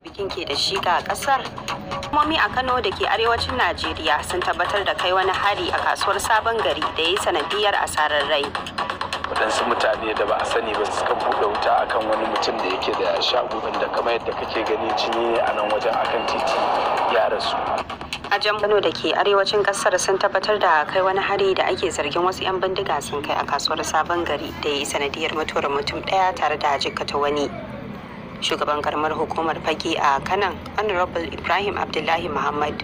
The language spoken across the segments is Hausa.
bikin ke da shi ga kasar hukumomi a kano da ke arewacin najeriya sun tabbatar da kai wani hari a kasuwar sabon gari da ya yi sanadiyar asarar rai waɗansu mutane da ba a sani ba suka buɗe wuta akan wani mutum da yake da shago da kamar yadda kake gani ne a nan wajen akan titi ya rasu a Kano da ke arewacin kasar sun tabbatar da kai wani hari da ake zargin wasu 'yan bindiga sun kai a kasuwar sabon gari da ya yi sanadiyar mutuwar mutum ɗaya tare da jikkata wani shugaban karamar hukumar fage a kanan honorable ibrahim abdullahi muhammad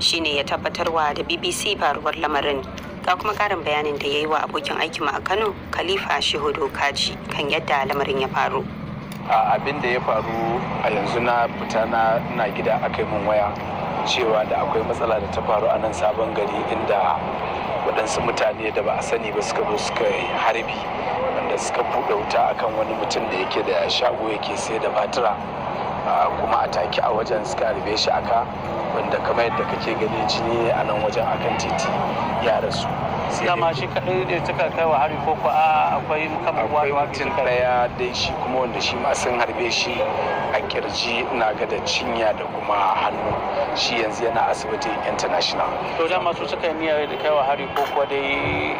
shine ya tabbatarwa da bbc faruwar lamarin ga kuma karin bayanin da ya yi wa abokin aikinmu a kano khalifa shehudu kaji kan yadda lamarin ya faru abin da ya faru a yanzu na fita na na gida aka yi min waya cewa da akwai matsala da ta faru a nan sabon gari inda waɗansu mutane da ba a sani ba suka zo suka harbi wanda suka buɗe wuta akan wani mutum da yake da shago yake sai da batira kuma a take a wajen suka harbe shi aka wanda kamar yadda kake gani jini a nan wajen akan titi ya rasu dama shi kaɗai ne suka kai wa hari ko ko a akwai kamarwa da wani ɗaya da shi kuma wanda shi ma sun harbe shi a kirji na ga da cinya da kuma hannu shi yanzu yana asibiti international to dama su suka yi niyyar da kai wa hari ko ko dai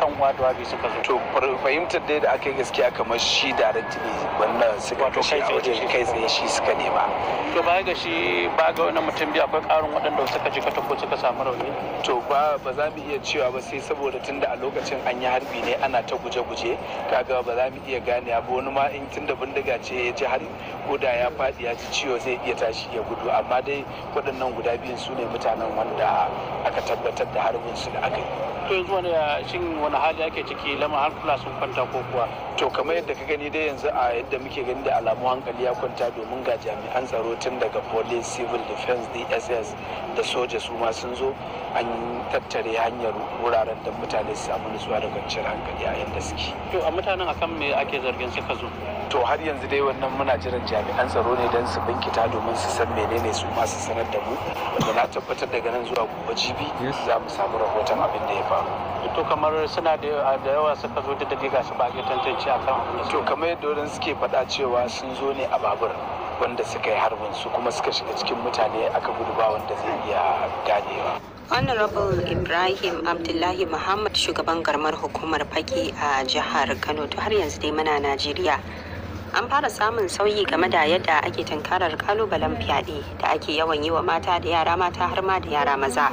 kan waduwa bi suka zo to fahimtar dai da aka yi gaskiya kamar shi directly wannan suka kashe a wajen kai tsaye shi suka nema to baya ga shi ba ga wani mutum biyu akwai karin waɗanda suka ji ko suka samu rauni to ba ba za mu iya cewa ba sai saboda tunda a lokacin an yi harbi ne ana ta guje-guje kaga ba za mu iya gane ba wani ma in tunda bindiga ce ya ji hari ko da ya faɗi ya ji ciwo zai iya tashi ya gudu amma dai waɗannan guda biyun su ne mutanen wanda aka tabbatar da harbin su da aka yi to yanzu wani shin wani hali ake ciki lama har kula sun kwanta ko kuwa to kamar yadda ka gani dai yanzu a yadda muke gani da alamu hankali ya kwanta domin ga jami'an tsaro tun daga police civil defense dss da soja su ma sun zo an tattare hanyar wuraren da mutane su samu nutsuwa da kwanciyar hankali a yadda suke to a mutanen akan me ake zargin suka zo to har yanzu dai wannan muna jiran jami'an tsaro ne don su binkita domin su san menene su masu sanar da mu da na tabbatar daga nan zuwa gobe jibi za mu samu rahoton abin da ya faru to kamar suna da yawa suka zo da daga su ba tantance a kan to kamar yadda wurin suke faɗa cewa sun zo ne a babur wanda suka yi harbin su kuma suka shiga cikin mutane aka gudu ba wanda zai iya ganewa honorable ibrahim abdullahi muhammad shugaban garmar hukumar faki a jihar kano to har yanzu dai muna najeriya an fara samun sauyi game da yadda ake tunkarar kalubalen fyaɗe da ake yawan yi wa mata da yara mata har ma da yara maza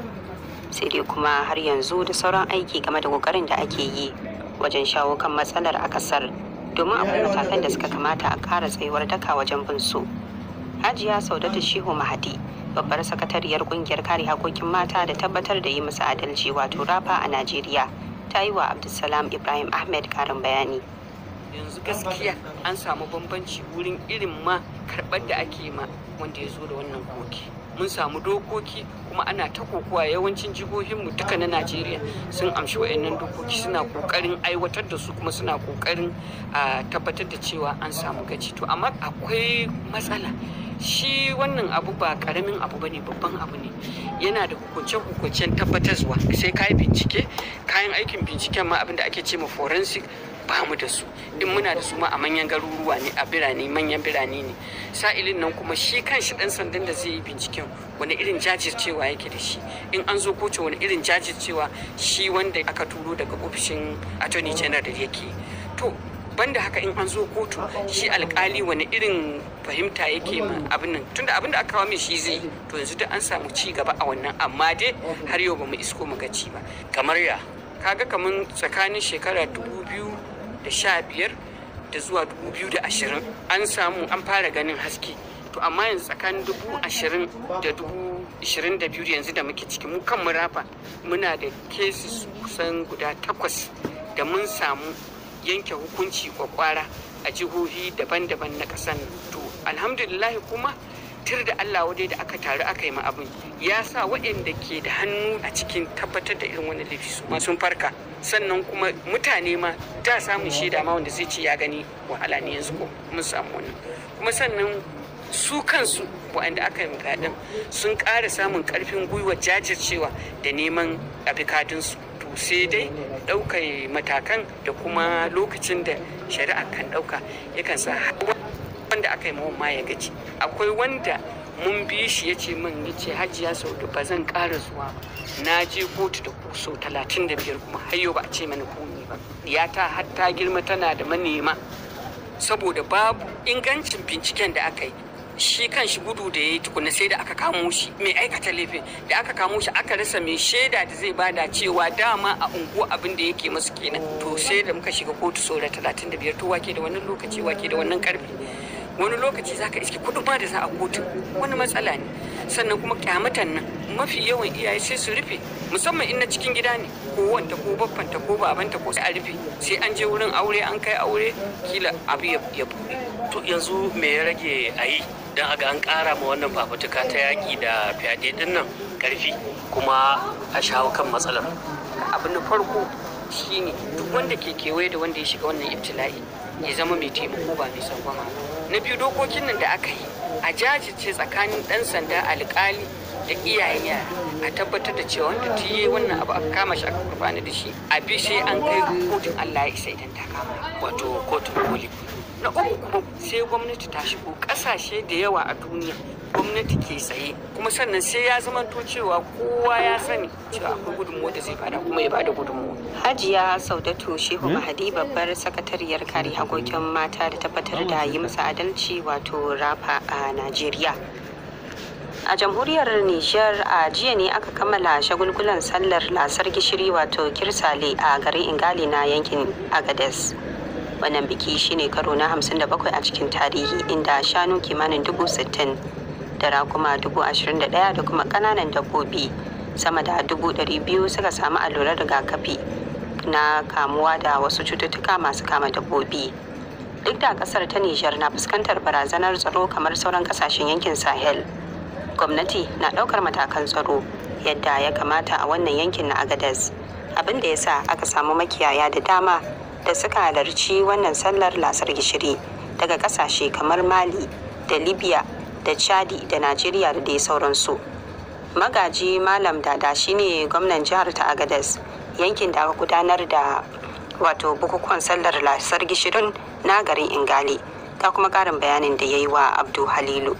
sai dai kuma har yanzu da sauran aiki game da kokarin da ake yi wajen shawo kan matsalar a kasar domin akwai matakan da suka kamata a kara tsayuwar daka wajen bin su hajiya saudatu Shehu mahadi babbar sakatariyar kungiyar kare hakokin mata da tabbatar da yi musu adalci wato rafa a najeriya ta yi wa abdulsalam ibrahim ahmed karin bayani yanzu gaskiya an samu bambanci wurin irin ma karɓar da ake ma wanda ya zo da wannan koki mun samu dokoki kuma ana ta kokowa yawancin jihohinmu duka na najeriya sun amshi wa'annan dokoki suna kokarin aiwatar da su kuma suna kokarin tabbatar da cewa an samu gaci to amma akwai matsala shi wannan abu ba karamin abu bane babban abu ne yana da hukunce-hukuncen tabbatarwa sai yi bincike kayan aikin binciken ma abin da ake ce ma forensic ba mu da su din muna da su ma a manyan garuruwa ne a birane manyan birane ne sa'ilin nan kuma shi kanshi dan sandan da zai yi binciken wani irin jajircewa yake da shi in an zo kotu wani irin jajircewa shi wanda aka turo daga ofishin attorney general yake to banda haka in an zo kotu shi alkali wani irin fahimta yake ma abin nan tunda abin da aka kawo min shi zai to yanzu duk an samu ci gaba a wannan amma dai har yau ba mu isko mu gaci ba kamar ya kaga kamar tsakanin shekara dubu biyu da sha biyar da zuwa dubu biyu da ashirin an samu an fara ganin haske to amma yanzu tsakanin dubu ashirin da dubu ashirin da biyu yanzu da muke ciki mu kan murafa muna da cases kusan guda takwas da mun samu yanke hukunci kwakwara a jihohi daban-daban na ƙasar to alhamdulillahi kuma tir da Allah wadai da aka taru aka yi ma abin ya sa waɗanda ke da hannu a cikin tabbatar da irin wani laifi su sun farka sannan kuma mutane ma da samun shaida ma wanda zai ce ya gani wahala ne yanzu ko mun samu wannan kuma sannan su kansu waɗanda aka yi ɗin sun ƙara samun ƙarfin gwiwa jajircewa da neman abikadinsu to sai dai ɗaukar matakan da kuma lokacin da shari'a kan ɗauka yakan sa wanda aka yi ma ya gaji akwai wanda mun bi shi ya ce min ya ce hajiya sau da ba zan ƙara zuwa ba na je kotu da ku sau talatin da biyar kuma hayo ba a ce mana komi ba ya har ta girma tana da manema saboda babu ingancin binciken da aka yi shi kan shi gudu da ya yi tukuna sai da aka kamo shi mai aikata laifin da aka kamo shi aka rasa mai shaida da zai bada cewa dama a unguwa abin da yake masu kenan to sai da muka shiga kotu sau da talatin da biyar to wake da wannan lokaci wake da wannan karfi wani lokaci zaka iske kudu ma da za a kotu wani matsala ne sannan kuma kyamatan nan mafi yawan iyaye sai su rufe musamman in na cikin gida ne ko wanta ko babbanta ko babanta ko sai a rufe sai an je wurin aure an kai aure kila abu ya buɗe to yanzu me ya rage a yi don a ga an ƙara ma wannan fafutuka ta yaƙi da fyaɗe din nan ƙarfi kuma a shawo kan matsalar abu na farko shine duk wanda ke kewaye da wanda ya shiga wannan ibtila'i ya zama mai taimako ba mai sangwama ba na biyu dokokin nan da aka yi a jajirce tsakanin ɗan sanda alkali da iyayen yara a tabbatar da cewa wanda wannan abu aka kama shi aka kurbani da shi a bi sai an kai kotun Allah ya isa idan ta kama wato kotun koli na uku sai gwamnati ta shigo ƙasashe da yawa a duniya gwamnati ke saye kuma sannan sai ya zama to cewa kowa ya sani cewa akwai gudunmuwa da zai bada kuma ya bada gudunmuwa hajiya saudatu shehu hmm? mahadi babbar sakatariyar kare hakokin mata da tabbatar da yi masa adalci wato rafa a najeriya a jamhuriyar nijar a jiya ne aka kammala shagulgulan sallar lasar gishiri wato kirsale a garin ingali na yankin agades wannan biki shine karo na 57 a cikin tarihi inda shanu kimanin dubu sittin da kuma dubu ashirin da ɗaya da kuma kananan dabbobi sama da dubu ɗari biyu suka samu allurar rigakafi na kamuwa da wasu cututtuka masu kama dabbobi duk da kasar ta nijar na fuskantar barazanar tsaro kamar sauran kasashen yankin sahel gwamnati na ɗaukar matakan tsaro yadda ya kamata a wannan yankin na agadas abin da ya sa aka samu makiyaya da dama da suka halarci wannan sallar lasar gishiri daga kasashe kamar mali da libya da chadi da najeriya da dai sauransu magaji malam dada shine gwamnan jihar ta agadas yankin da aka gudanar da wato bukukuwan sallar lasar gishirin na garin ingali ga kuma karin bayanin da ya yi wa abdu halilu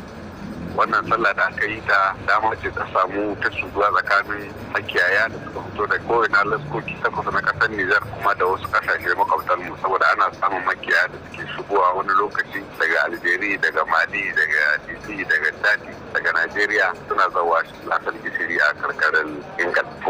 wannan sallah da aka yi ta dama ce ta samu ta shugaba tsakanin makiyaya da suka fito da na laskoki takwas na kasar Nijar kuma da wasu kasashe makwabtan mu saboda ana samun makiyaya da suke shigowa wani lokaci daga Aljeri, daga Mali daga DC daga Chad daga Najeriya suna zawa lasar gishiri a karkarar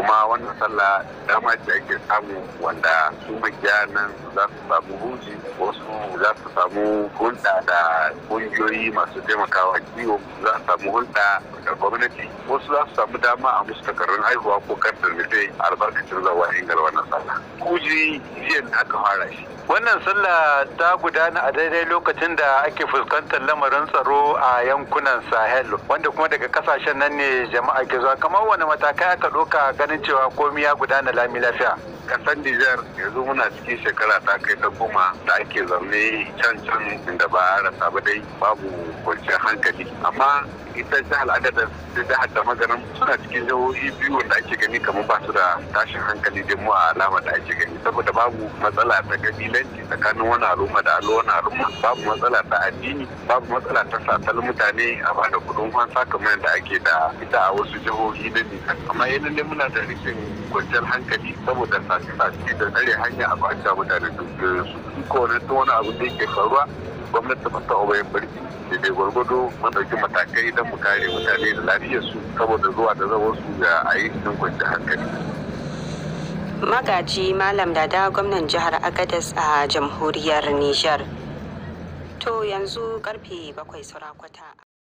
kuma wannan sallah dama ce ake samu wanda su makiya nan za su samu huji wasu za su samu hulɗa da ƙungiyoyi masu taimakawa kiwo za su samu hulɗa da gwamnati wasu za su samu dama a musu takardun haihuwa ko kan tarbitai albarkacin zawa ingar wannan sallah. Kuji jiya aka fara shi wannan sallah ta gudana a daidai lokacin da ake fuskantar lamarin tsaro a yankunan sahel wanda kuma daga kasashen nan ne jama'a ke zuwa kamar wani matakai aka ɗauka ganin cewa komi ya gudana lami lafiya kasar Nijar yanzu muna cikin shekara ta kai ta goma da ake zaune can can inda ba a rasa ba dai babu kwanciyar hankali amma ita ta al'ada da jihar da maganin suna cikin jihohi biyu da ake gani kamar ba su da tashin hankali da mu a alama da ake gani saboda babu matsala ta gani lanti tsakanin wani al'umma da wani al'umma babu matsala ta addini babu matsala ta satar mutane a bada kudin fansa kamar da ake da ita a wasu jihohi na nisan amma yana eh, ne muna da rikin kwanciyar hankali saboda sace-sace da tsare hanya a kwanciya mutane su ko wani wani abu da yake faruwa gwamnati ba ta obayin birki da dai gwargwado mun ke matakai don mu kare mutane da lafiyarsu saboda zuwa da zawarsu ga a yi cikin kwanciyar hankali. magaji malam dada gwamnan jihar agadas a jamhuriyar nijar to yanzu karfe bakwai sarakwata